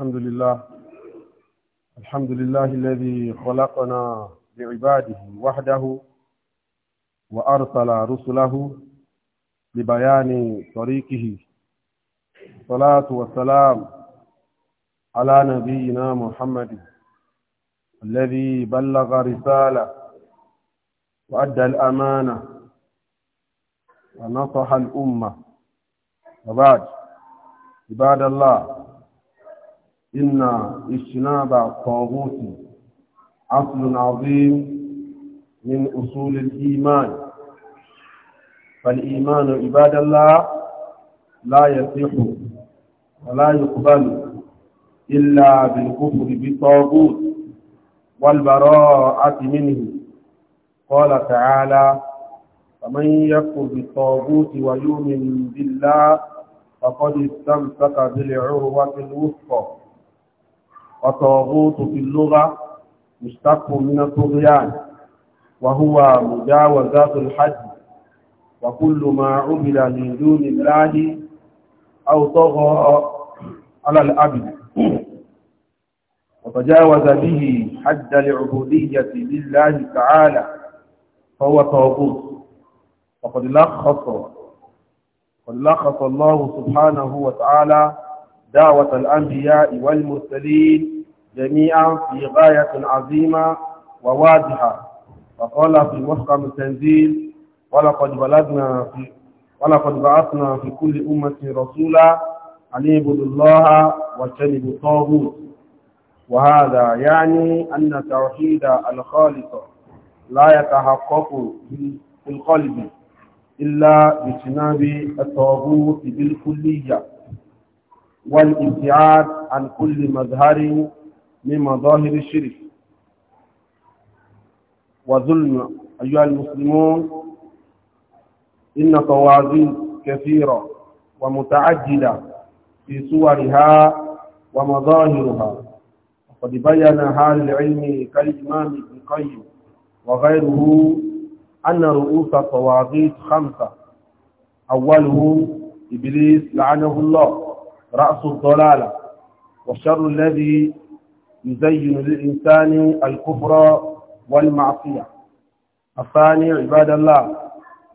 الحمد لله الحمد لله الذي خلقنا بعباده وحده وأرسل رسله لبيان طريقه الصلاة والسلام على نبينا محمد الذي بلغ رسالة وأدى الأمانة ونصح الأمة وبعد عباد الله إن اجتناب الطاغوت أصل عظيم من أصول الإيمان فالإيمان عباد الله لا يصح ولا يقبل إلا بالكفر بالطاغوت والبراءة منه قال تعالى فمن يكفر بالطاغوت ويؤمن بالله فقد استمسك بالعروة الوثقى وطاغوت في اللغة مشتق من الطغيان وهو مجاوزات الحد وكل ما عمل من دون الله أو طغى على العبد وتجاوز به حد العبودية لله تعالى فهو طاغوت وقد لخص قد لخص الله سبحانه وتعالى دعوة الأنبياء والمرسلين جميعا في غاية عظيمة وواضحة وقال في محكم التنزيل ولقد بلغنا في ولقد بعثنا في كل أمة رسولا أن اعبدوا الله واجتنبوا الطاغوت وهذا يعني أن توحيد الخالق لا يتحقق في القلب إلا باجتناب الطاغوت بالكلية والابتعاد عن كل مظهر من مظاهر الشرك وظلم أيها المسلمون إن طواغيت كثيرة ومتعجلة في صورها ومظاهرها وقد بين هذا العلم كالإمام ابن القيم وغيره أن رؤوس الطواغيت خمسة أوله إبليس لعنه الله رأس الضلالة والشر الذي يزين للإنسان الكفر والمعصية الثاني عباد الله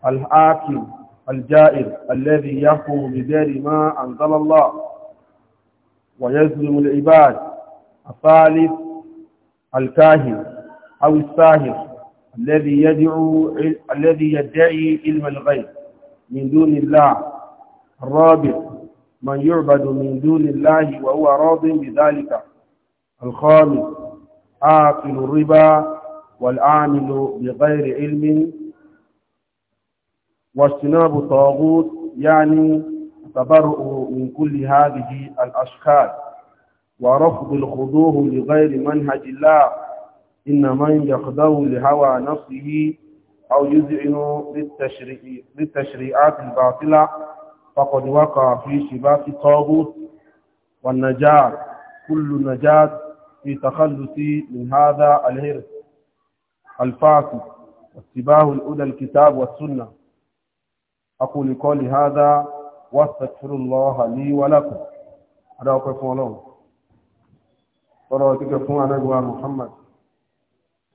الحاكم الجائر الذي يحكم بدار ما أنزل الله ويظلم العباد الثالث الكاهن أو الساهر الذي يدعو الذي يدعي علم الغيب من دون الله الرابع من يعبد من دون الله وهو راض بذلك الخامس عاقل الربا والعامل بغير علم واجتناب الطاغوت يعني التبرؤ من كل هذه الأشكال ورفض الخضوع لغير منهج الله إن من يخضع لهوى نفسه أو يذعن للتشريعات الباطلة فقد وقع في شباك الطاغوت والنجاة كل نجاة في تخلص من هذا الهرس الفاسد واتباه الأولى الكتاب والسنة أقول قولي هذا واستغفر الله لي ولكم هذا أقف ولهم صلواتك فوق نبوة محمد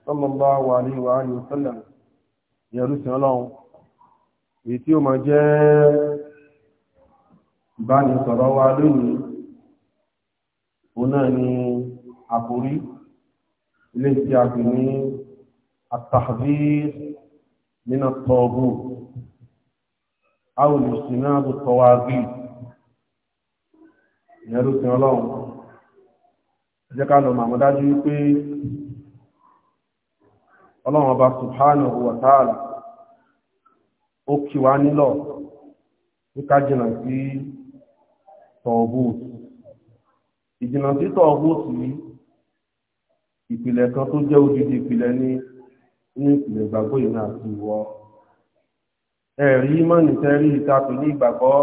صلى الله عليه وآله وسلم يا رسول الله يتيوم جاء báyìí sọ̀rọ̀ wa lónìí òun náà ni àkórí ilé tí a pè ní at-tahdhir min at-taghut aw al-ijtinab at-tawaghit ìyẹn ló sin ọlọ́run jẹ́ ká lọ màmú dájú wípé ọlọ́run ọba subhanahu wa ta'ala ó kí wa nílọ̀ ní ká jìnà sí tọ̀ọ̀bùtù ìjìnà sí tọ̀ọ̀bùtù yìí ìpìlẹ̀ kan tó jẹ́ odidi ìpìlẹ̀ ní ní ìpìlẹ̀ ìgbàgbọ́ yìí náà ti wọ ẹ̀rí mọ́nìtẹ́rí ìtàkùn ní ìgbàgbọ́ kò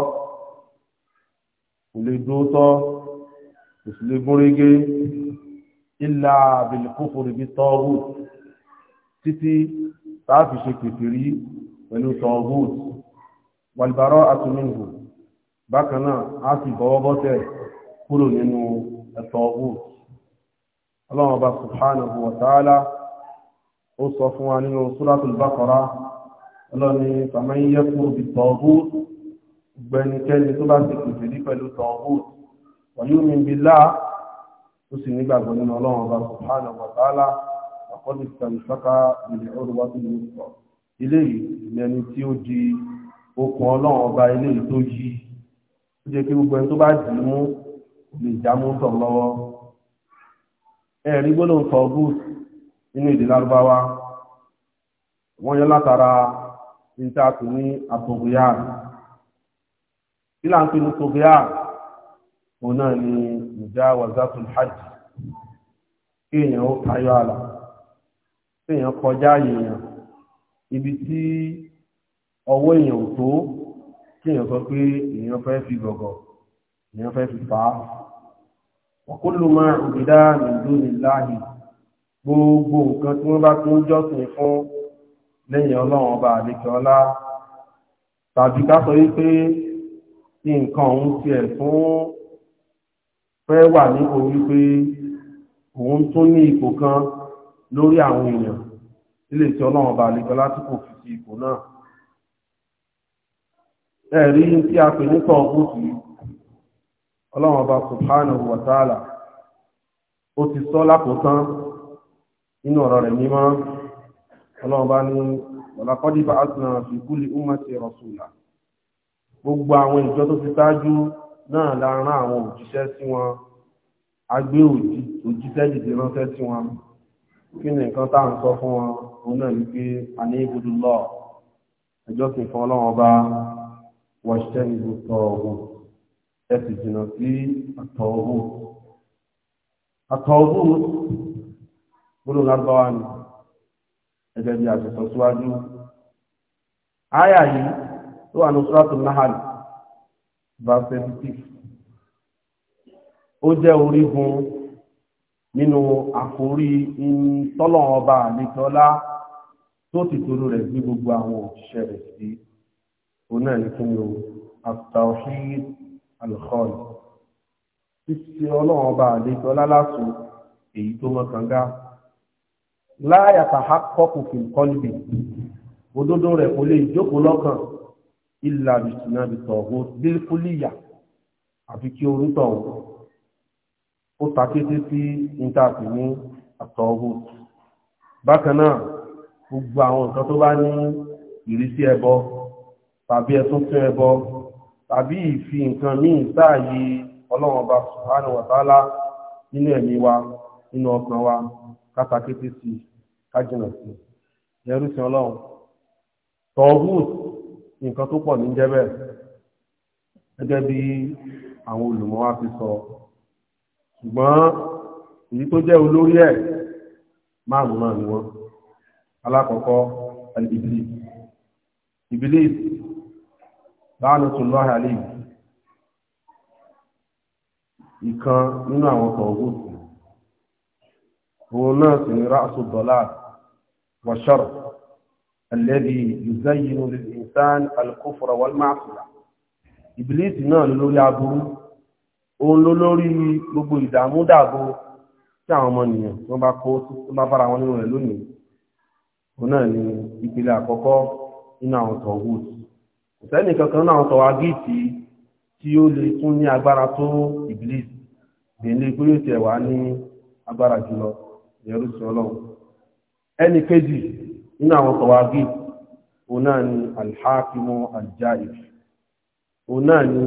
lè dúró tọ́ kò sì lè gúnrégé ìlà àbìlìkófòrò bí tọ́ọ̀bù títí táàfi ṣe kèfèrí pẹ̀lú tọ́ọ̀bù wàlìbárọ́ àtúnmíhùn bákan náà a sì bọ́wọ́ bọ́tẹ̀ kúrò nínú ẹ̀tọ́ ọ̀hún ọlọ́run ọba subhanahu wa ta'ala ó sọ fún wa nínú suratul baqara ọlọ́ni faman yakfur bit-taghut gbẹnikẹ́ni tó bá ti pèsè billah ó sì nígbàgbọ́ nínú ọlọ́run ọba subhanahu wa ta'ala àkọ́dù ìtàlùfákà ìlẹ̀ tó ní sọ ilé yìí tí ó di okùn ọlọ́run ọba ilé yìí jẹ́ kí gbogbo ẹni tó bá dì í mú lè já mú tọ̀ lọ́wọ́ ẹ̀rí gbọ́dọ̀ tọ̀ bùs nínú èdè lárúbáwá wọ́n yọ látara níta tó ní àtòkòyà kí là ń pè ní tòkòyà òun náà ni ìjà wàzátùn hajj kí èèyàn ó tayọ àlà kí èèyàn kọjá èèyàn ibi tí ọwọ́ èèyàn ò tó tí èèyàn sọ pé èèyàn fẹ́ fi gọ̀gọ̀ èèyàn fẹ́ fi fà á ọ̀kúlù máa òbídá nìdú ní láàyè gbogbo nǹkan tí wọ́n bá tún jọ́sìn fún lẹ́yìn ọlọ́run ọba àlejò ọlá tàbí ká sọ wípé tí nǹkan òun tiẹ̀ fún fẹ́ wà nípo wípé òun tún ní ipò kan lórí àwọn èèyàn ilé tí ọlọ́run ọba àlejò ọlá tí kò fi ipò náà ẹ̀rí tí a pè ní tọ́ọ̀bùtù ọlọ́run ọba subhanahu wa ta'ala ó ti sọ lákòótán nínú ọ̀rọ̀ rẹ̀ mímọ́ ọlọ́run ọba ní ọ̀làkọ́dí bá àtúnà fi kulli ummati rasula gbogbo àwọn ìjọ tó ti ṣáájú náà la rán àwọn òjíṣẹ́ sí wọn a gbé òjíṣẹ́ dìde ránṣẹ́ sí wọn kí ni nǹkan tá ń sọ fún wọn òun náà ní pé àní ibùdó lọ ẹjọ́ sì fún ọlọ́run ọba واجتنبوا الطاغوت ẹsì jìnnà sí àtọ̀ọ̀bù àtọ̀ọ̀bù gbọ́dọ̀ lágbáwá ni gẹ́gẹ́ bí àṣẹsọ síwájú àyà yìí tó wà ọ jẹ́ nínú àkórí ìtọ́lọ̀ ọba tó ti rẹ̀ gbogbo àwọn òṣìṣẹ́ rẹ̀ sí. òun náà ní kíni o at-tawhid al-khali títí ọlọ́run ọba àlejò lálásù èyí tó mọ kànga la yatahaqqaqu fil qalbi òdodo rẹ̀ kò lè jókòó lọ́kàn illa bìtìnà bìtọ̀ọ̀hún bílkúlìyà àfi kí orúntọ̀ ọ̀hún ó takété sí intaàtì ní àtọ̀ọ̀hún bákan náà gbogbo àwọn nǹkan tó bá ní ìrísí ẹbọ tàbí ẹ̀tún tún ẹbọ tàbí ìfi nǹkan míì sáàyè ọlọ́run ọba subhanahu wa ta'ala nínú ẹ̀mí wa nínú ọkàn wa kátàkété sí kájìnà sí jẹ́rùsìn ọlọ́run tọ́gùt nǹkan tó pọ̀ ní jẹ́bẹ̀ gẹ́gẹ́ bí àwọn olùmọ̀ wa ti sọ ṣùgbọ́n èyí tó jẹ́ olórí ẹ̀ márùn-ún náà ni wọ́n alákọ̀ọ́kọ́ alìbìlì la'natullahi alayhi ìkan nínú àwọn tọ̀gùtù òun náà sì ní ra'su dalal wa sharr alladhi yuzayyinu lil insan al-kufra wal ma'siyah ìbílísì náà ló lórí aburú òun ló lórí gbogbo ìdààmú dààbò tí àwọn ọmọnìyàn tó bá kó tó bá bára wọn nínú rẹ̀ lónìí òun náà ni ìpìlẹ̀ àkọ́kọ́ nínú àwọn tọ̀gùtù sẹ́ni kankan náà tọ̀ gíìtì tí ó lè tún ní agbára tó ìbílíì gbèlè pé yóò tẹ̀ ní agbára jùlọ ìyẹrù ọlọ́run ẹni kejì nínú àwọn tọ̀ gíìtì náà ni alhakimu aljaif o náà ni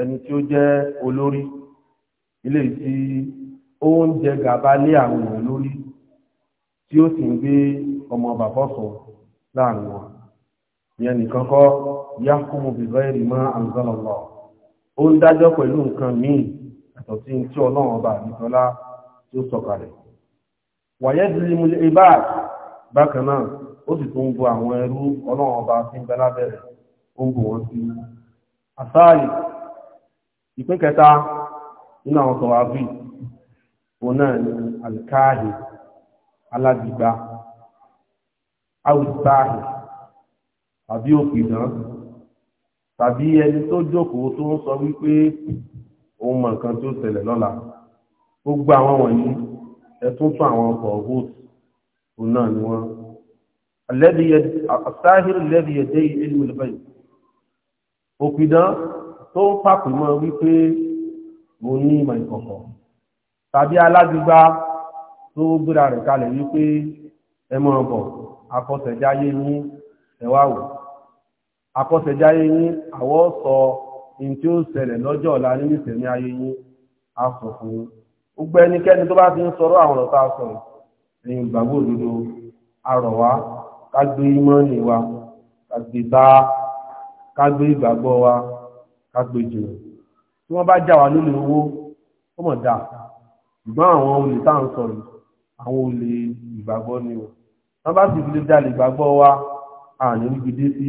ẹni tí ó jẹ́ olórí ilé tí ó ń jẹ gàba lé àwọn tí ó sì ń gbé ọmọ yẹn nìkan kọ́ yahkumu bi ghayri ma anzala Allah ó ń dájọ́ pẹ̀lú nǹkan míì àtọ̀ sí tí ọlọ́run ọba àdìsọ́lá tó sọ̀kalẹ̀ wàyẹ́ dìlì mu ibà bákan náà ó sì tún bu àwọn ẹrú ọlọ́run ọba tí ń bẹ lábẹ́rẹ̀ ó ń bù wọ́n sí àsáàlì ìpín kẹta nínú àwọn sọ̀rọ̀ àbí òun náà ni àlìkáàhì alágbègbà àwùjáàhì àbí òpìdán tàbí ẹni tó jókòó tó ń sọ wípé òun mọ nǹkan tó ṣẹlẹ̀ lọ́la gbogbo àwọn wọ̀nyí ẹ tún tún àwọn ọkọ̀ vote òun náà ni wọ́n sáhìrì lẹ́bi ẹ̀dẹ́ ìlú ìlúbẹ̀yì òpìdán tó ń pàpè mọ́ wípé mo ní ìmọ̀ ìkọ̀kọ̀ tàbí alágbígbá tó gbéra rẹ̀ kalẹ̀ wípé ẹ mọ̀ ọ̀bọ̀ akọ̀tẹ̀jáyé ní ẹ̀wá wò àkọsẹ̀jáyé yín àwọ́ sọ in tí ó ṣẹlẹ̀ lọ́jọ́ ọ̀la nínú ìṣẹ̀mí ayé yín a sọ fún yín gbogbo ẹnikẹ́ni tó bá ti ń sọ̀rọ̀ àwọn ọ̀rọ̀ tá sọ̀rọ̀ ẹ̀yin ìgbàgbọ́ òdodo arọ̀ wa ká gbé ìmọ̀ọ́nì wa ká gbé bá ká ìgbàgbọ́ wa ká gbé jùlọ tí wọ́n bá jà wá lólè owó ó mọ̀ dáa ṣùgbọ́n àwọn olè tá à ń sọ̀rọ̀ àwọn olè ìgbàgbọ́ ni wọ́n bá sì fi lè jalè ìgbàgbọ́ wa àní níbi dé sí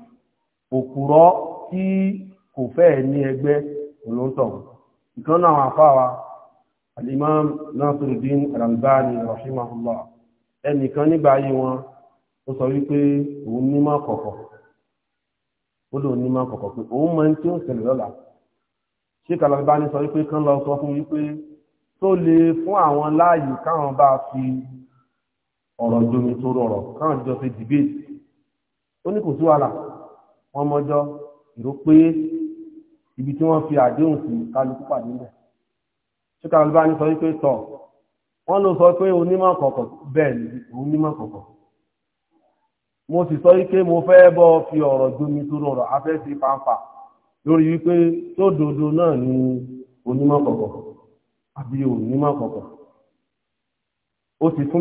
òkúrọ́ tí kò fẹ́ẹ̀ ní ẹgbẹ́ olóńtọ̀ ìkan náà àwọn afáwa alimam nasiruddin al-Albani rahimahullah ẹnìkan nígbà ayé wọn ó sọ wípé òun nímọ̀ kọ̀kọ̀ ó lóun nímọ̀ kọ̀kọ̀ pé òun mọ ní tí ó ń ṣẹlẹ̀ lọ́la ṣé al-Albani sọ wípé kán lọ sọ fún wípé tó lè fún àwọn láàyè káwọn bá fi ọ̀rọ̀ jomi tó rọrọ̀ káwọn jọ fi dìbéètì ó ní kò sí wàhálà wọ́n mọ́jọ́ ìró pé ibi tí wọ́n fi àdéhùn sí kálukú pàdé níbẹ̀ ṣé kálukú bá ní sọ wípé tọ̀ sọ pé onímọ̀ bẹ́ẹ̀ ni mo sì sọ wípé mo fẹ́ bọ́ fi ọ̀rọ̀ gbomi tó rọrọ̀ afẹ́ sí fanfa lórí wípé tó dodo náà ni àbí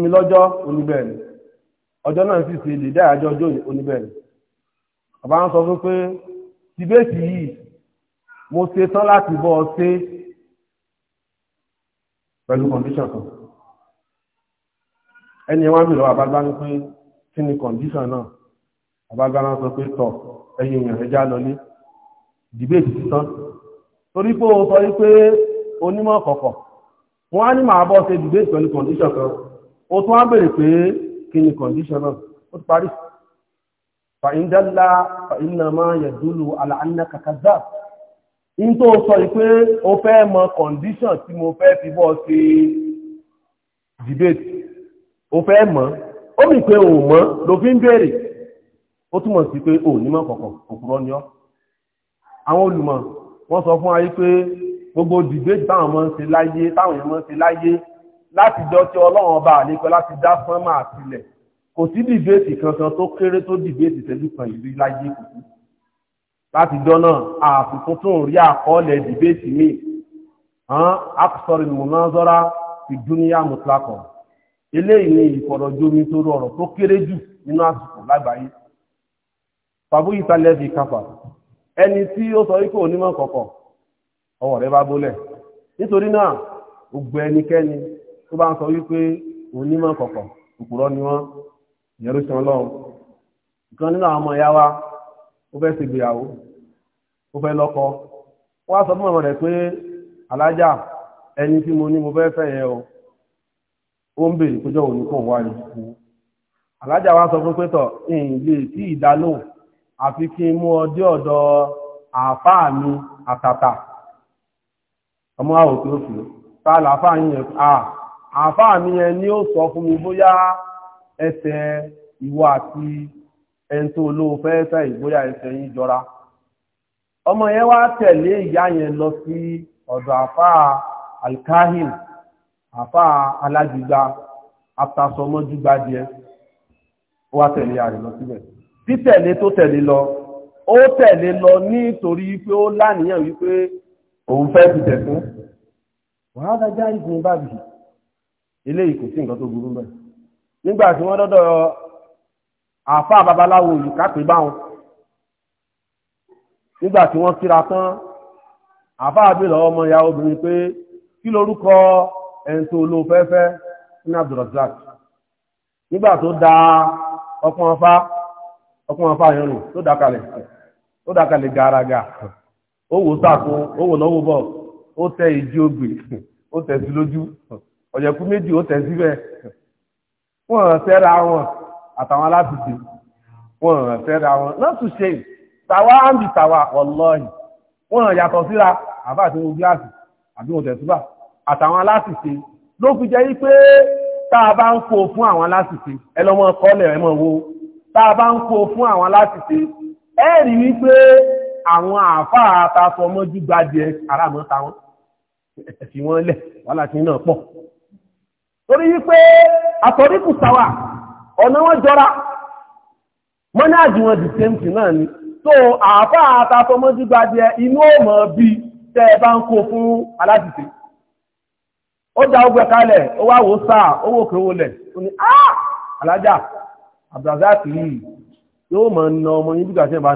mi lọ́jọ́ ọjọ́ náà sì bàbá wọn sọ fún pé tìbéètì yìí mo ṣe tán láti bọ́ ọ ṣe pẹ̀lú condition kan ẹni wọn bí lọ àbágbá ní pé kí ni condition náà àbágbá náà sọ pé tọ ẹyin èèyàn ẹja lọlé dìbéètì tán torí pé o sọ wípé onímọ̀ kọ̀kọ̀ wọ́n á ní màá bọ́ ṣe dìbéètì pẹ̀lú condition kan o tún á béèrè pé kí ni condition náà ó ti parí fàyín dálá fàyín náà máa yẹ̀ dúlù àlàánà kàkàzá in tó sọ pé o fẹ́ mọ condition tí mo fẹ́ fi bọ́ sí debate o fẹ́ mọ̀ ó mì pé o mọ̀ ló fi ń béèrè ó túmọ̀ sí pé o nímọ̀ kọ̀kọ̀ òkúrọ́ ni ọ́ àwọn olùmọ̀ wọ́n sọ fún ayé pé gbogbo debate táwọn ọmọ ń ṣe láyé táwọn èèyàn ń ṣe láyé láti jọ tí ọlọ́run ọba àlékọ́ láti dá sánmà àtìlẹ̀ kò sí dìbéètì kankan tó kéré tó dìbéètì tẹ́jú kan ìlú láyé kùkú láti dọ́nà àfikún tó ń rí àkọọ́lẹ̀ dìbéètì míì hàn akọ̀sọ̀rọ̀ ìmúnáńsọ́ra ti dúníyà mùtlákọ̀ eléyìí ni ìfọ̀rọ̀jomi tó rọrọ̀ tó kéré jù nínú àsìkò lágbàáyé fàbú ìsàlẹ̀ fi káfà ẹni tí ó sọ wípé onímọ̀ kọ̀kọ̀ ọwọ́ rẹ bá bólẹ̀ nítorí náà gbogbo ẹnikẹ́ni tó bá ń sọ wípé onímọ̀ kọ̀kọ̀ òpùrọ̀ ni wọ́n ìyẹn ló ṣe ọlọ́run ìkan nínú àwọn ọmọ ìyá wa ó fẹ́ ṣe ìgbéyàwó ó fẹ́ lọ́kọ wọ́n á sọ fún ọmọ rẹ̀ pé alájà ẹni tí mo ní mo fẹ́ fẹ́ yẹn o ó ń béèrè péjọ òní kò wá ní kú alájà wa sọ fún pé tọ̀ tí ìdálóhùn àfi kí n mú ọ ọ̀dọ̀ àáfàá mi àtàtà ọmọ àwòkè òfin tá a yẹn àáfàá mi yẹn ni ó sọ fún mi bóyá ẹsẹ̀ ìwọ àti ẹni tó olówó fẹ́ sá ìgbóyà ẹsẹ̀ yín jọra ọmọ yẹn wá tẹ̀lé ìyá yẹn lọ sí ọ̀dọ̀ àfáà alkahin àfáà alájùgbà atasọmọjúgbàdìẹ ó wá tẹ̀lé ìyá rẹ̀ lọ síbẹ̀ títẹ̀lé tó tẹ̀lé lọ ó tẹ̀lé lọ nítorí pé ó láníyàn wípé òun fẹ́ ti tẹ̀sán wàhálà jáde fún bábì eléyìí kò sí nǹkan tó burú bẹ́ẹ̀ nígbà tí wọ́n dọ́dọ̀ àfa babaláwo yìí kápẹ́ báwọn nígbà tí wọ́n kíra tán àfa àbílọ̀ ọmọ ìyá obìnrin pé kí lorúkọ ẹni tó lo fẹ́fẹ́ ní abdulrasaq nígbà tó da ọkùnrin afá ọkùnrin afá yẹn rò tó da kalẹ̀ tó da kalẹ̀ gàràgà ó wò sàkó ó wò lọ́wọ́ bọ̀ ó tẹ ìdí ogbè ó tẹ̀ sí lójú ọ̀yẹ̀kú méjì ó tẹ̀ síbẹ̀ wọ́n fẹ́ra wọn àtàwọn alábìdì wọ́n fẹ́ra wọn lọ́tù ṣe tàwa áńbì tàwa wallahi wọ́n yàtọ̀ síra àbá àti ohun gíláàsì àbí ohun tẹ̀síbà àtàwọn aláṣìṣe ló fi jẹ́ yí pé tá a bá ń kó fún àwọn aláṣìṣe ẹ lọ́mọ kọ́lẹ̀ ẹ mọ̀ wo tá a bá ń kó fún àwọn aláṣìṣe ẹ rí i pé àwọn àáfàá ta fọmọ́jú gbadìẹ aráàmọ́ta wọn ẹ fi wọ́n lẹ̀ wàhálà tí náà pọ̀ torí wípé àtọ̀ríkù sàwà ọ̀nà wọn jọra mọ́nájì wọn di same náà ni so àáfàá àtàfọmọ́dúgbàjẹ inú ọmọ bí tẹ́ ẹ bá ń kó fún aládìsí ó dá ogbẹ̀ kalẹ̀ ó wá wò sáà owó òkè owó lẹ̀ ó ní áà alájà abdulrazak yìí yóò mọ̀ na ọmọ yín dúgbà náà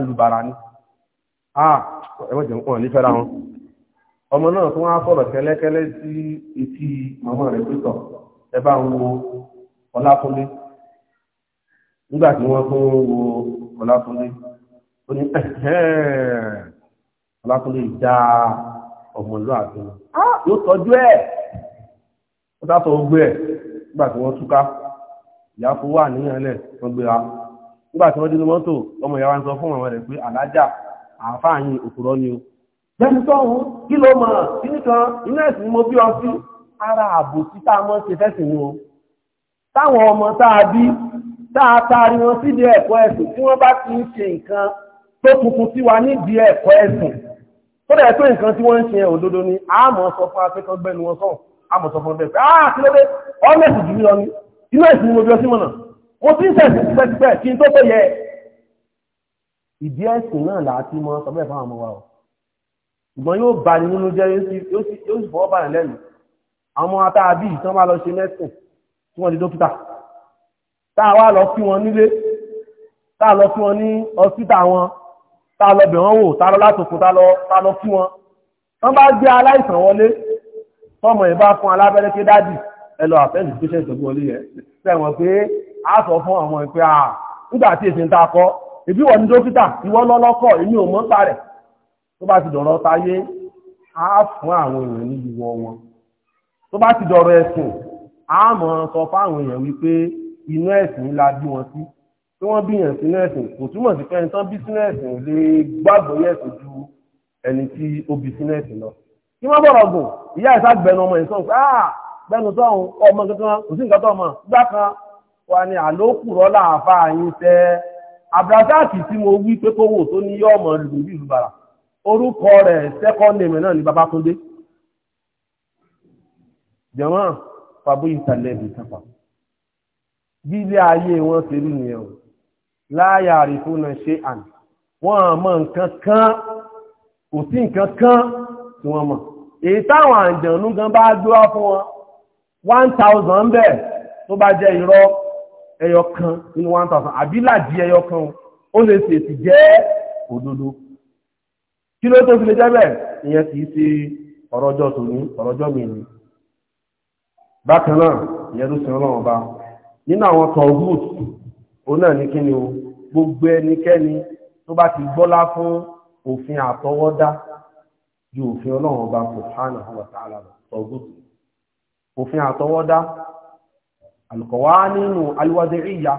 tó wá sọ̀rọ̀ kẹ́lẹ́kẹ́lẹ́ sí etí màmá rẹ̀ pé ẹ bá ń wo ọlákúnlé nígbà tí wọ́n tó ń wo ọlákúnlé ó ní ọlákúnlé ìjà ọmọlúwàbí ah! yóò tọ́jú ẹ̀ ó dá sọ gbé ẹ̀ nígbà tí wọ́n túká ìyá fún wà níyànlẹ̀ wọ́n gbé wa nígbà tí wọ́n dínú mọ́tò ọmọ ìyá wa ń sọ fún àwọn rẹ̀ pé àlájà àáfàá yìí òkúrọ́ ni o bẹ́ẹ̀ ni sọ́hun kí ló mọ̀ kí nìkan iná ẹ̀sìn mo bí ọ sí ara àbò tí tá a mọ́ ṣe fẹ́sìn ní o táwọn ọmọ tá a bí tá a taari wọn síbi ẹ̀kọ́ ẹ̀sìn tí wọ́n bá ti ń ṣe nǹkan tó tuntun sí wa nídìí ẹ̀kọ́ ẹ̀sìn tó dẹ̀ tó nǹkan tí wọ́n ń ṣe òdodo ni a mọ̀ sọ fún akẹ́kọ̀ọ́ gbẹ́nu wọn sọ fún ah kí ló dé ọ́nẹ́sì jù mí lọ ni inú ẹ̀sìn ni mo bí ọ sí mọ̀nà mo ti ń ṣẹ̀sìn tipẹ́tipẹ́ kí n tó tó yẹ ìdí ẹ̀sìn náà là á ti yóò bá ní nínú jẹ́ yóò sì fọwọ́ bá ní lẹ́nu àwọn atáàbí ìtàn bá lọ ṣe mẹ́sìn tí wọ́n di dókítà táà wá lọ kí wọn nílé táà lọ kí wọn ní ọsítà wọn táà lọ bẹ̀ wọ́n wò táà lọ látòkò táà lọ kí wọn wọ́n bá gbé aláìsàn wọlé tọ́mọ ẹ̀ bá fún alábẹ́rẹ́ pé dádì ẹ lọ àfẹ́ ìdíṣẹ́ ìṣògùn olè yẹn sẹ́wọ̀n pé a sọ fún ọmọ ẹ̀ pé à nígbà tí èsì ń ta kọ́ ìbí wọ́n ní dókítà ìwọ lọ́lọ́kọ̀ èmi ò mọ́ ń parẹ̀ tó bá ti dọ̀rọ̀ táyé á fún àwọn èèyàn ní ìwọ wọn tó bá ti dọ̀rọ̀ ẹ̀sìn àmọ́ sọ fáwọn èèyàn wípé inú ẹ̀sìn la bí wọn sí tí wọ́n bí yàn sínú ẹ̀sìn kò túmọ̀ sí pé ẹni tán bí sínú ẹ̀sìn ò lè gbàgbọ́ yẹ̀sìn ju ẹni tí ó bí sínú ẹ̀sìn lọ. kí wọ́n bọ̀rọ̀ gùn ìyá ìsá gbẹnu ọmọ ìsọ̀ pé ah gbẹnu sọ̀hún ọmọ kankan kò sí nǹkan tó ọmọ gbá kan wà ní àlòkù rọ́lá àfa àyín tẹ abdulrasaki tí mo wí pé kówó tó ní yọ ọmọ lùlù bàrà orúkọ rẹ̀ second name náà ni Babátúndé jọmọ́ pàbó ìtàlẹ́bì kápá bí ilé ayé wọn ṣe rí nìyẹn o láyà àrífúnà ṣe àn wọ́n mọ̀ nǹkan kan kò sí nǹkan kan tí wọ́n mọ̀ èyí táwọn àjànú gan bá dúró fún wọn one thousand bẹ́ẹ̀ tó bá jẹ́ irọ́ ẹyọ kan nínú one thousand àbí làjí ẹyọ kan ó lè ṣèṣì jẹ́ òdodo kí ló tó fi lè jẹ́ bẹ́ẹ̀ ìyẹn kì í ṣe ọ̀rọ̀jọ́ tòní ọ̀rọ̀jọ́ mi ni bákan náà ìyẹ́rú sí ọlọ́run ọba nínú àwọn tọ̀gùt òun náà ní kíni o gbogbo ẹnikẹ́ni tó bá ti gbọ́lá fún òfin àtọwọ́dá ju òfin ọlọ́run ọba subhanahu wa ta'ala tọ̀gùt òfin àtọwọ́dá àlùkọ̀wá nínú alwad'iyya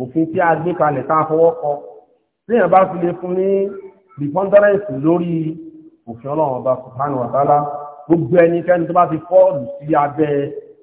òfin tí a gbé kalẹ̀ tá a fọwọ́ kọ léèyàn bá fi lè fún ní preponderance lórí òfin ọlọ́run ọba subhanahu wa ta'ala gbogbo ẹnikẹ́ni tó bá ti fọ́ọ̀lù sí abẹ́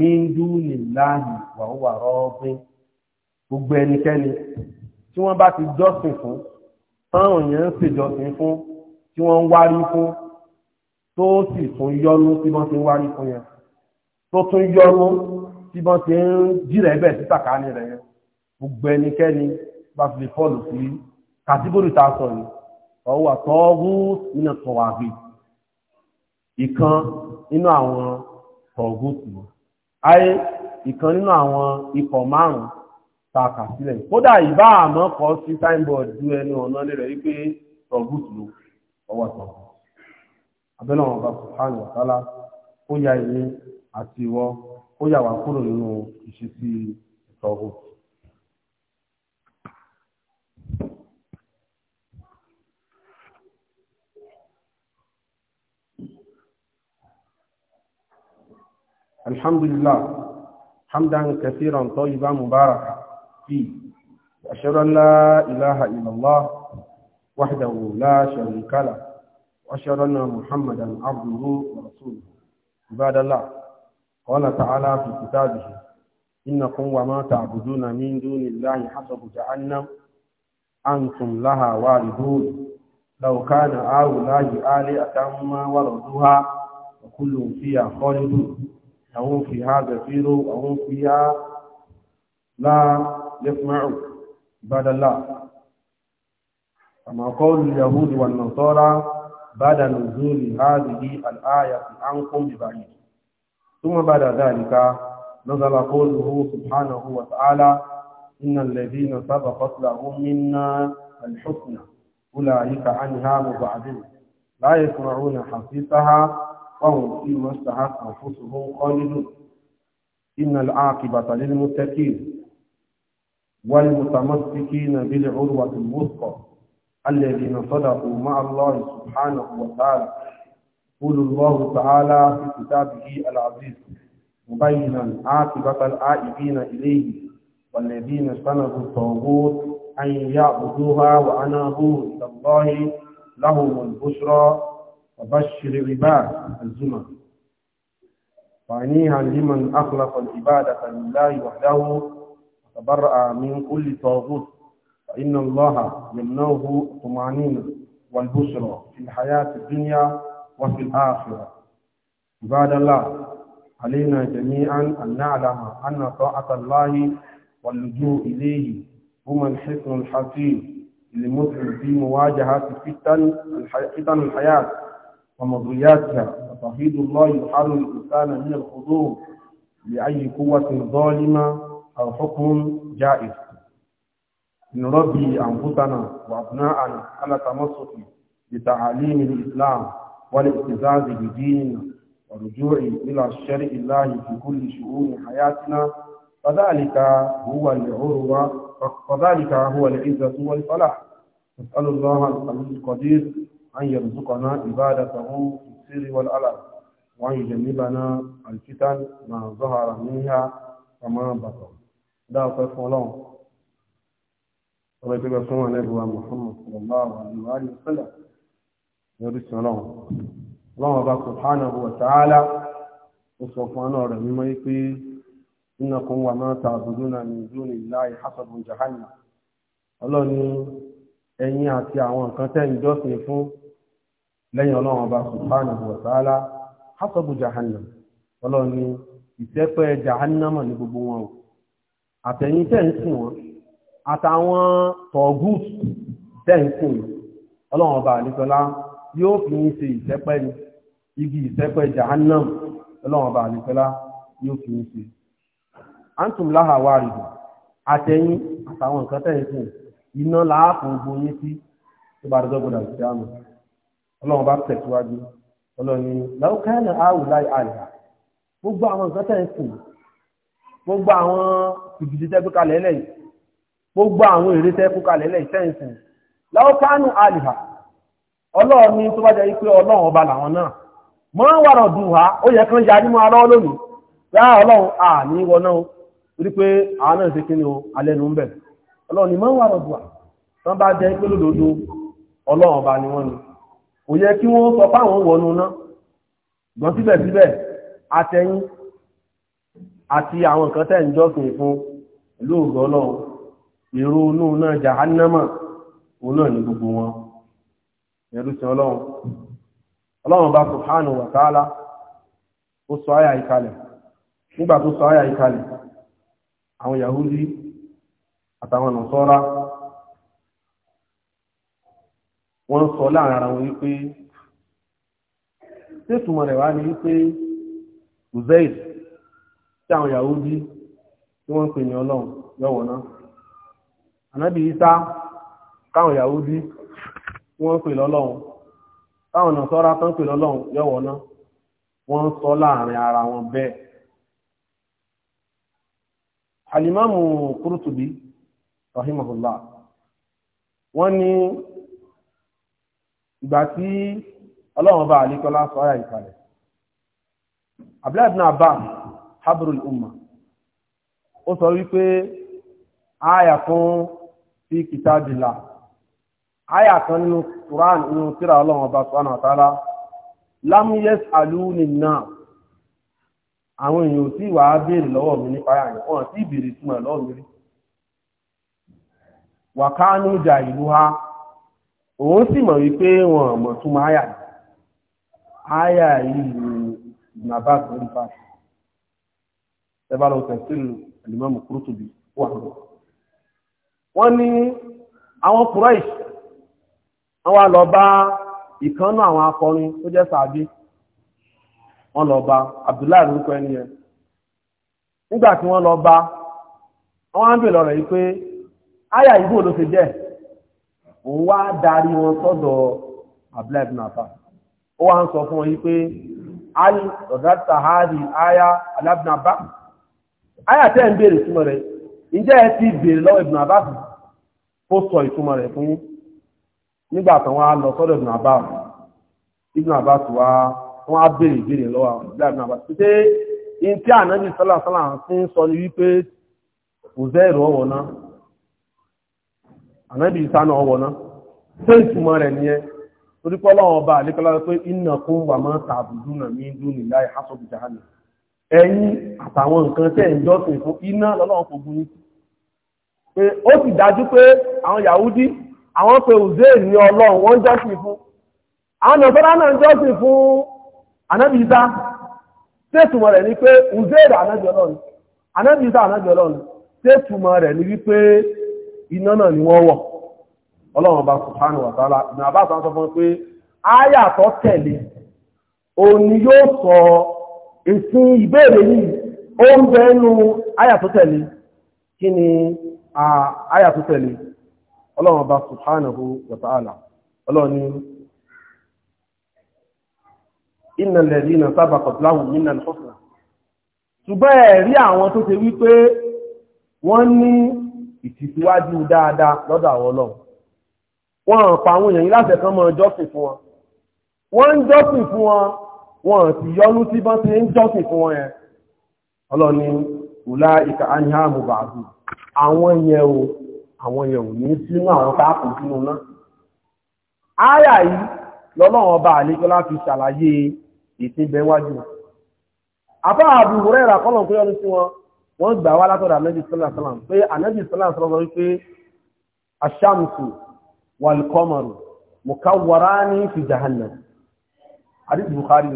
ní dúnì láàyè wàhùwà rọ́ọ̀bìn gbogbo ẹnikẹ́ni tí wọ́n bá ti jọ́sìn fún táwọn èèyàn ń ṣèjọsìn fún tí wọ́n ń wárí fún tó sì tún yọnu tí wọ́n ti ń wárí fún yẹn tó tún yọnu tí wọ́n ti ń jìrẹ̀ bẹ̀ sí tàkàní rẹ̀ yẹn gbogbo ẹnikẹ́ni bá fi lè fọ́ọ̀lù sí kàtígórì tá a sọ yìí ọwọ́ àtọ́wú nínú ìkan nínú àwọn tọ̀gùtù ayé ìkan nínú àwọn ikọ̀ márùn-ún ta kà sílẹ̀ kódà ìbá àmọ́ kọ sí signboard ju ẹnu ọ̀nà rẹ̀ wípé tọ̀gùt ló ọwọ́ tọ̀ abẹ́lẹ̀ wọn bá subhanahu wa ta'ala ó ya ìyẹn àti ìwọ ó yà wá kúrò nínú ìṣesí tọ̀gùt الحمد لله حمدا كثيرا طيبا مباركا فيه وأشهد أن لا إله إلا الله وحده لا شريك له وأشهد أن محمدا عبده ورسوله عباد الله قال تعالى في كتابه إنكم وما تعبدون من دون الله حسب جهنم أنتم لها واردون لو كان هؤلاء آلهة ما وردوها وكل فيها خالدون أهم فيها زفير وهم فيها لا يسمعوا بعد الله كما قول اليهود والنصارى بعد نزول هذه الآية عنكم ببعيد ثم بعد ذلك نزل قوله سبحانه وتعالى إن الذين سبقت لهم منا الحسنى أولئك عنها مبعدون لا يسمعون حصيصها وهم فيما استحق أنفسهم خالدون إن العاقبة للمتقين والمتمسكين بالعروة الوثقى الذين صدقوا مع الله سبحانه وتعالى قول الله تعالى في كتابه العزيز مبينا عاقبة العائبين إليه والذين سندوا الطاغوت أن يعبدوها وأنابوا إلى الله لهم البشرى وبشر عباد الزمر وعنيها لمن أخلق العبادة لله وحده وتبرأ من كل طاغوت فإن الله يمنعه الطمأنينة والبشرى في الحياة الدنيا وفي الآخرة عباد الله علينا جميعا أن نعلم أن طاعة الله واللجوء إليه هما الحصن الحصين للمسلم في مواجهة فتن الحياة ومضرياتها وتوحيد الله يحرر الإنسان من الخضوع لأي قوة ظالمة أو حكم جائز نربي أنفسنا وأبناءنا على تمسك بتعاليم الإسلام والاعتزاز بديننا والرجوع إلى شرع الله في كل شؤون حياتنا فذلك هو العروة فذلك هو العزة والفلاح نسأل الله القدير أن يرزقنا عبادته في السر والعلن وأن يجنبنا الفتن ما ظهر منها وما بطن ده صف ولون ربي بسم الله محمد صلى الله عليه وآله وسلم يرسل الله الله سبحانه وتعالى وصفنا رمي ما يقول innakum wa ma ta'buduna min dunillahi hasabun jahannam ọlọ́run ẹ̀yin àti àwọn nǹkan tẹ́ ń jọ́sìn fún lẹ́yìn ọlọ́run ọba subhanahu wa ta'ala hasabu jahannam ọlọ́run ní ìtẹ́pẹ́ jahannama ní gbogbo wọn o àtẹ̀yìn tẹ̀ ń sìn wọn àtàwọn tọ̀gùt tẹ̀ ń sìn wọn ọlọ́run ọba àlejòlá yóò fi yín ṣe ìtẹ́pẹ́ ni igi ìtẹ́pẹ́ jahannam ọlọ́run ọba àlejòlá yóò fi yín ṣe. antum laha waridu àtẹ̀yìn àtàwọn nǹkan tẹ̀ iná làákùn gbóyin sí tó bá dọ́gbọ́dọ̀ sí ọlọ́run bá tẹ̀síwájú ọlọ́run ní làwùkáyà àwùlá àlà gbogbo àwọn nǹkan tẹ̀ ń sìn gbogbo àwọn ìbìdí tẹ́ gbogbo àwọn èrè tẹ́ kúkalẹ̀ lẹ́yìn tẹ́ ń sìn ọlọ́run pé ọlọ́run ọba làwọn náà mọ́ náà ni o ń ọlọ́run ní O yẹ kí wọ́n sọ fáwọn wọnú náà gbọ́n síbẹ̀síbẹ̀ àti àwọn nǹkan tẹ́ ń jọ́sìn fún lóògùn ọlọ́run èrò náà jahannama òun náà ní gbogbo wọn ẹ̀rú ọlọ́run ọlọ́run bá ó sọ àyà ìkalẹ̀ nígbà tó sọ àyà ìkalẹ̀ àwọn wọ́n ń sọ láàrin ara wọn wípé tẹ́tùmọ̀ rẹ̀ wá ní wípé uzaid tí àwọn Yahudi tí wọ́n ń pè ní ọlọ́run yọ̀wọ̀ náà ànábì Isa káwọn Yahudi tí wọ́n ń pè lọ́lọ́run káwọn Nasara tán pè lọ́lọ́run yọ̀wọ̀ náà wọ́n ń sọ láàrin ara wọn bẹ́ẹ̀ alimamu Qurtubi rahimahullah wọ́n ní ìgbà tí ọlọ́run bá àlékọ́lá sọ ayà ìkàlẹ̀ Abdullahi ibn Abbas habrul ó sọ wípé ayà kan sí kitabillah ayà kan nínú Koran nínú tíra ọlọ́run ọba sọ́nà àtàlá lam yas'alu nìna àwọn èèyàn tí wà á lọwọ mi nípa ayà wọ́n lọ́wọ́ mi rí ha òun sì mọ̀ wípé wọn mọ̀ túnmọ̀ àyà àyà yìí ni bàbá àgbẹ̀rù bá ẹbá tẹ̀sílù wà lọ wọ́n ní àwọn Quraish àwọn lọ bá ìkánú àwọn akọrin tó jẹ́ sàbí wọ́n lọ bá Abdullahi lórúkọ ẹni yẹn nígbà tí wọ́n lọ bá wọ́n á ń bè yìí pé àyà ló fi òun wá darí wọn sọ́dọ̀ abdullahi bin ó wá ń sọ fún wọn yìí pé ali ọ̀dàtà aya alabna aya tẹ́ ń béèrè túmọ̀ rẹ̀ ǹjẹ́ ẹ ti béèrè lọ́wọ́ ibn abbas sọ ìtumọ̀ rẹ̀ fún yín wá lọ sọ́dọ̀ ibn abbas ànábì ìsánà ọwọ́ náà ṣé ìtumọ̀ rẹ̀ nìyẹn torí pé ọlọ́run ọba àlékọ́lá pé iná kún wà máa tààbùdú náà ní ìlú nílá ìhásọ́bù jahanà ẹ̀yin àtàwọn nǹkan tẹ́ ń jọ́sìn fún iná lọ́lọ́run kò gun yín pé ó sì dájú pé àwọn Yahudi àwọn pé Uzair ní ọlọ́run wọ́n jọ́sìn fún iná náà ni wọ́n wọ̀ ọlọ́run ọba subhanahu wa ta'ala ní àbáṣà sọ fún pé áyà tó tẹ̀lé òun ni yóò sọ ìsìn ìbéèrè yìí ó ń bẹ nú áyà tó tẹ̀lé kí ni áyà tẹ̀lé ọlọ́run ọba subhanahu wa ọlọ́run ni ìtìsíwájú dáadáa lọ́dọ̀ àwọn ọlọ́run wọ́n ń pa àwọn èèyàn yìí láṣẹ kan mọ́ jọ́sìn fún wọn wọ́n ń jọ́sìn fún wọn wọ́n ti yọnu tí bọ́n ti ń jọ́sìn fún wọn yẹn ọlọ́ni ọlá ìka anihamu bàbù àwọn yẹn o àwọn yẹn ò ní sínú àwọn káàkùn sínú náà áyà yìí lọ́lọ́run ọba àlejò láti ṣàlàyé ìpínbẹ̀wájú àfáà rẹ̀ rà pé ọdún sí wọn wọ́n gbà wá látọ̀dọ̀ ànábì sọ́lá sọ́lá pé ànábì sọ́lá sọ́lá sọ wípé aṣáàmùsù wàlùkọ́mọ̀rù mùkàwàrá ní fi jahannam àdìsí Bukhari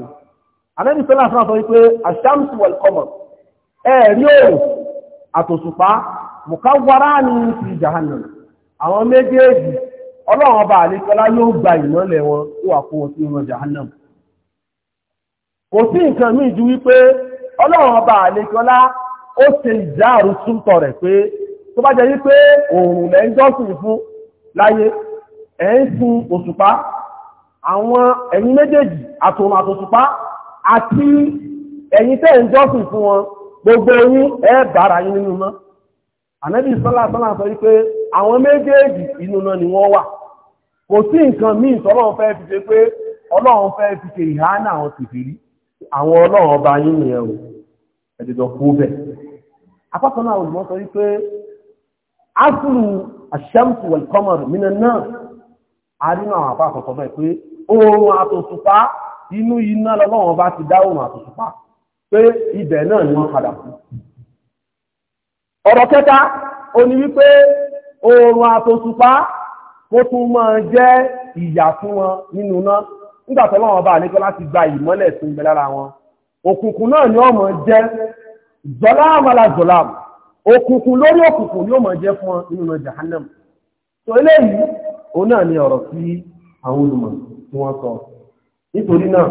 ànábì sọ́lá sọ́lá sọ wípé aṣáàmùsù wàlùkọ́mọ̀rù ẹ rí òòrùn àtòṣùpá mùkàwàrá ní fi jahannam àwọn méjèèjì ọlọ́run ọba àlekọlá yóò gba ìmọ́lẹ̀ wọn ó wà kó wọn sí wọn jahannam kò sí nǹkan ó ṣe ìjáàrú súntọ̀ rẹ̀ pé tó bá jẹ́ wípé òòrùn lẹ́ ń jọ́sìn fún láyé ẹ̀ ń sun òṣùpá àwọn ẹ̀yin méjèèjì àtòrùn àtòṣùpá àti ẹ̀yin tẹ́ ń jọ́sìn fún wọn gbogbo yín ẹ bára yín nínú mọ́ ànábì sọ́lá sọ́lá sọ wípé àwọn méjèèjì inú náà ni wọ́n wà kò sí nǹkan míì tọ́lọ́run fẹ́ fi ṣe pé ọlọ́run fẹ́ fi ṣe ìhánà àwọn tìfìrí àwọn ọlọ́run ọba yín nìyẹn o ẹ̀dẹ̀dọ̀ kú bẹ́ẹ̀ apákan náà olùmọ́ sọ wípé asùlù àṣẹ́mùsù wẹ̀lkọ́mọ̀rù mí náà àrínà àwọn apá àkọ́kọ́ bẹ́ẹ̀ pé oòrùn àtòṣùpá inú iná lọ́wọ́n bá ti dá oòrùn àtòṣùpá pé ibẹ̀ náà ni wọ́n padà kú ọ̀rọ̀ kẹta ó ní wípé oòrùn àtòṣùpá kó tún máa jẹ́ ìyà fún wọn nínú iná nígbà tó ni ọmọ zolam ala zolam òkùnkùn lórí òkùnkùn yóò máa jẹ́ fún nínú jahannam so eléyìí òun náà ni ọ̀rọ̀ sí àwọn olùmọ̀ tí wọ́n sọ nítorí náà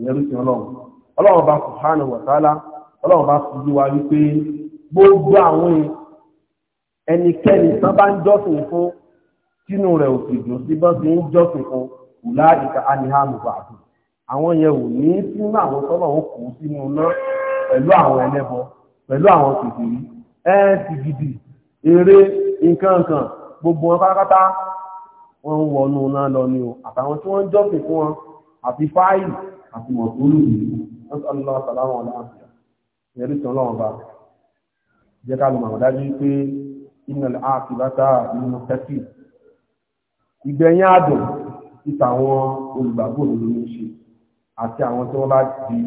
ìyẹrù sí ọlọ́run ọlọ́run bá subhanahu wa ta'ala ọlọ́run bá fi yí wa wípé gbogbo àwọn ẹnikẹ́ni anihamu bàbù àwọn yẹn ò ní sínú àwọn pẹ̀lú àwọn ẹlẹ́bọ pẹ̀lú àwọn kìkìrí ẹ́ẹ̀sì gidi eré nǹkankan gbogbo wọn pátápátá wọ́n ń wọnú náà lọ ní o àtàwọn tí wọ́n ń jọ́sìn fún wọn àti fáìlì àti mọ̀tòlù ìgbẹ̀yìn àdùn ìtàwọn olùgbàgbò ló ń ṣe àti àwọn tí wọ́n bá di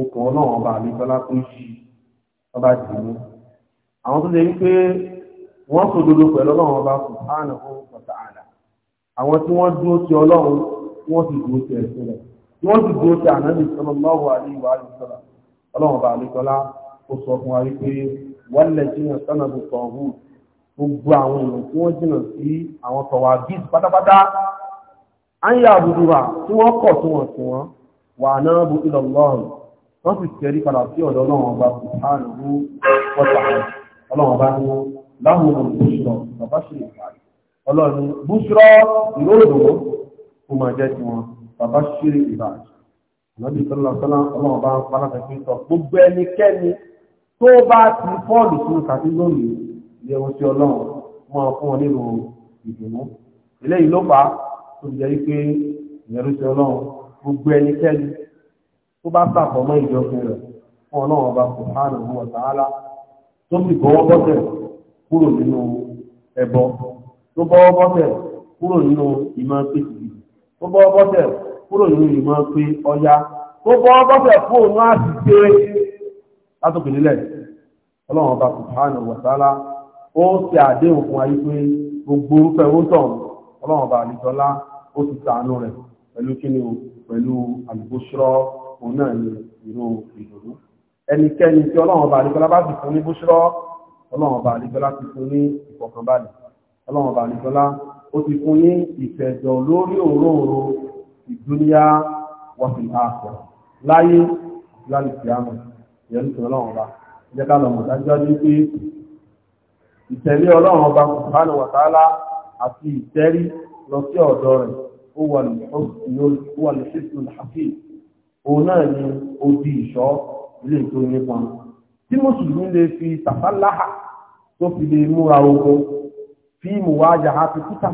okùn ọlọ́run ọba àlejọ́lá tó yí ọba dìbò àwọn tó lè rí pé wọ́n sòdodo pẹ̀lú ọlọ́run ọba kù áànà ó pọ̀tà àlà àwọn tí wọ́n dúró ti ọlọ́run tí wọ́n sì dúró ti ẹ̀sìn rẹ̀ tí wọ́n sì dúró ti ànábì sọ́nà lọ́wọ́ àríwá àríwá ọlọ́run ọba àlejọ́lá ó sọ fún wa wípé wọ́n lẹ̀ jìnnà sọ́nà gbogbo ọ̀hún gbogbo àwọn èèyàn tí wọ́n jìnnà sí àwọn tọ̀wà bíi pátápátá á ń yà àbùdùwà tí wọ́n kọ̀ tí wọ́n sí wọn wà náà bu ilọ̀ lọ́rùn wọ́n sì tẹ̀rí padà sí ọ̀dọ̀ ọlọ́run ọba subhanahu wa ta'ala ọlọ́run ọba ní láwọn olùbúṣọ bàbá ṣe lè parí ọlọ́run búṣọ ìròdò kó máa jẹ́ tiwọn bàbá ṣe lè ìbàdí ànábì sọlá sọlá ọlọ́run ọba ń palákà fi sọ gbogbo ẹnikẹ́ni tó bá ti fọ́ọ̀lù fún kàtígórì ìyẹ̀wò sí ọlọ́run máa fún wọn nínú ìdùnnú eléyìí ló fà á tó jẹ́ pé ìyẹ̀rù sí ọlọ́run gbogbo ẹnikẹ́ni tó bá sàpọ̀ mọ́ ìjọsìn rẹ̀ fún ọlọ́run ọba subhanahu wa ta'ala tó sì bọ́wọ́ bọ́tẹ̀ kúrò nínú ẹbọ tó bọ́wọ́ bọ́tẹ̀ kúrò nínú ìmọ̀ pé tìbí tó bọ́wọ́ bọ́tẹ̀ kúrò nínú ìmọ̀ pé ọya tó bọ́wọ́ bọ́tẹ̀ fún òun láti gbé látòkè nílẹ̀ ọlọ́run ọba subhanahu wa ta'ala ó ṣe àdéhùn fún ayé pé gbogbo orúfẹ́ owó tọ̀ ọlọ́run ọba àlejò ọlá ó ti sàánú rẹ̀ pẹ̀lú kíni o pẹ̀lú àlùkò ṣọ́ọ́ òun náà ni ìró ìdùnnú ẹnikẹ́ni tí ọlọ́run ọba àdìgbọ́lá bá ti fún ní búṣọ́ ọlọ́run ọba àdìgbọ́lá ti fún ní ìfọ̀kànbalẹ̀ ọlọ́run ọba àdìgbọ́lá ó ti fún ní ìfẹ̀jọ̀ lórí òróòro ìdúnyá wọ́pìn àpọ̀ láyé lálùkì àmọ̀ ìyẹn tó ọlọ́run ọba jẹ́ ká lọ́mọ̀ dájúdájú pé ìtẹ̀lé ọlọ́run ọba òun náà ni odi ìṣọ́ ilé tó nípa tí mùsùlùmí lè fi tàfàláhà tó fi lè múra ogun fíìmù wa ti kúta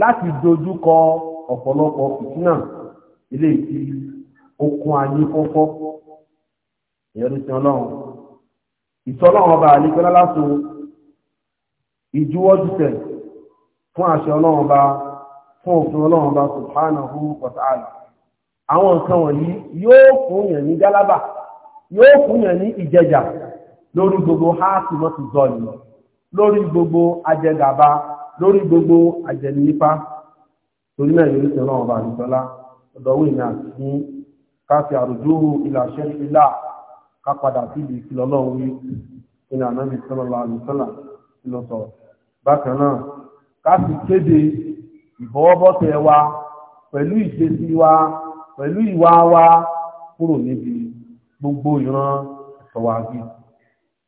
láti dojúkọ ọ̀pọ̀lọpọ̀ fìtínà ilé ìtì okun ayé fọ́fọ́ ẹ̀rù ọlọ́run ọba jùtẹ̀ fún àṣẹ ọba fún òfin ọlọ́run ọba àwọn nǹkan wọ̀nyí yóò fún yàn ní gálábà yóò fún yàn ní ìjẹjà lórí gbogbo háàkì mọ́tò zọ́ọ̀lì lórí gbogbo ajẹgàba lórí gbogbo ajẹnipa torí náà yóò tẹ̀rọ ọba àdìsọ́lá ọ̀dọ́wò ìyá àti káfí àrùjú ìlàṣẹ́ ìlà ká padà sí ibi ìkìlọ̀ náà wí ìlànà ànábì sọ́lọ́lá àdìsọ́lá ìlọ́sọ̀ bákan náà ká kéde ìbọ̀wọ́bọ́tẹ̀ wa pẹ̀lú ìṣesí wa pẹ̀lú ìwà wa kúrò níbi gbogbo ìran ìtọ̀wàgbé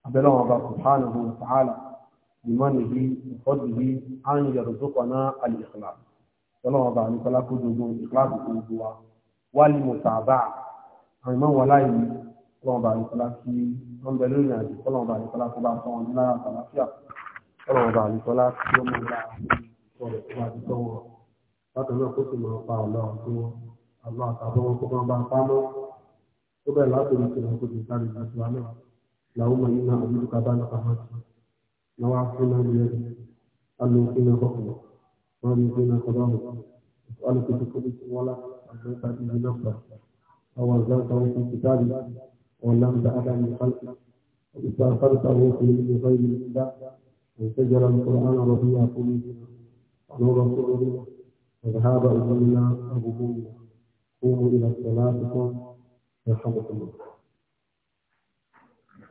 abẹ́lọ́wọ́ ọba subhanahu wa ta'ala ìmánìyí ìfọ́dìyí àrùn yàrùsókò náà àlìkàlà ọlọ́wọ́ ọba nìkọlá kó dogun ìkíláàsì tó gbogbo wa wálé mùsàbà àwọn ìmọ̀ wọn láyé ọlọ́wọ́ ọba nìkọlá kí wọ́n bẹ lórí àjò ọlọ́wọ́ ọba nìkọlá kó bá fọ́ wọn lára àlàáfíà ọlọ́wọ́ ọba nìkọlá kí wọ́n mú lára sọ̀rọ̀ láti tọ́wọ́ látọ̀ náà kó sì máa pa ọ̀nà ọ̀tún àwọn àtàwọn wọn kó máa bá a pamọ́ ó bẹ̀rẹ̀ láti rí tiwọn kó ti sáré láti wà náà làwọn ọmọ yìí náà àbúrò kaba náà kà máa ti náà wá fún náà lóyè alò fún náà kọkọ wọn ní fún náà kọba wọn wọn kò tó kóbi tí wọn lá àgbẹ̀ tàbí ìlú náà gbà àwọn àgbà táwọn fi ti dáàbì wọn náà dá adá ní kálkì ìgbà kálkì àwọn fi ní ìgbà ìlú dá وانفجر القرآن ربيع قلوبنا ونور قلوبنا وذهاب أمرنا أبوهما قوموا إلى صلاتكم يرحمكم الله